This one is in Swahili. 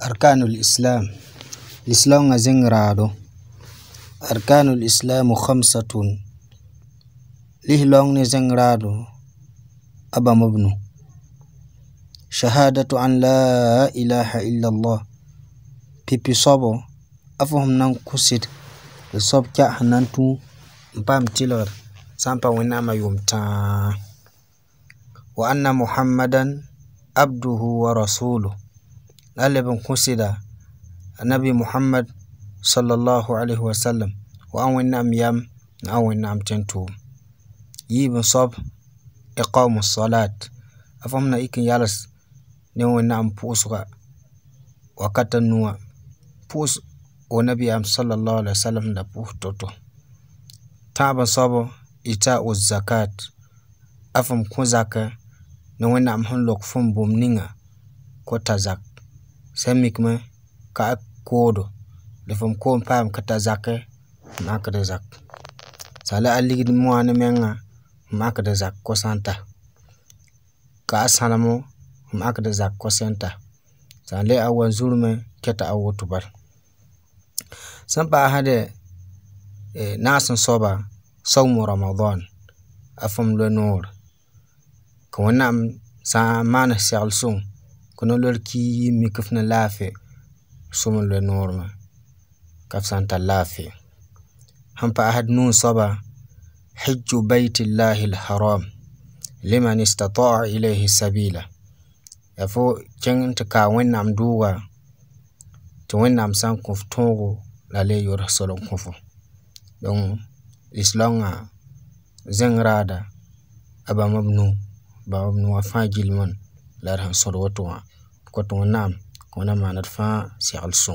أركان الإسلام الإسلام زين رادو أركان الإسلام خمسة ليه لون زين رادو أبا مبنو شهادة أن لا إله إلا الله بيبي صبو أفهم نان كسيد لصب كا هنانتو مبام تيلر سامبا وينما يوم تا وأن محمدا عبده ورسوله ɗaliban kusida annabi muhammad sallallahu alaihi wasallam wa an wani am yam na an wani am tento yi bin sob iqamu salat afamna ikin yalas ne wani am pusuka wakata nuwa pus o nabi am sallallahu alaihi wasallam da pus toto taban sobo ita o zakat afam kun zaka ne wani am hun lok fun bom ninga ko ta Semmiŋme ka a koodo lefem kom paam ta zaki n a da zak sala a mu mɔa ni meŋa n a da zak santa ka a salemo n a kede zak ko santa le a wanzurɔ me kyɛ a wuto bal. ba ha de eh, naasum sɔba sɔgemo Ramadan a fum la nuurɛ ka wẽnnaam sãa maana sɛgele suŋ ka nolɔre kii mi ka fo na Alaafee somi lɔɛ nuuri maa ka bi zaŋ ti Alaafee din paahiri nuunsoba hijju baitillahi lharam liman istataa ilayhi sabila afu chɛŋ ti kaai wẽnnaam duuga ti wɛnnaam sãn kpu'u tuugu la lee yuri soli n kpu'u din islam ŋa raada a ba mabi nuu ba mabi nuu a fãa gili la di han suŋdi wotowa kotomɔ nam ka na fãa siɣili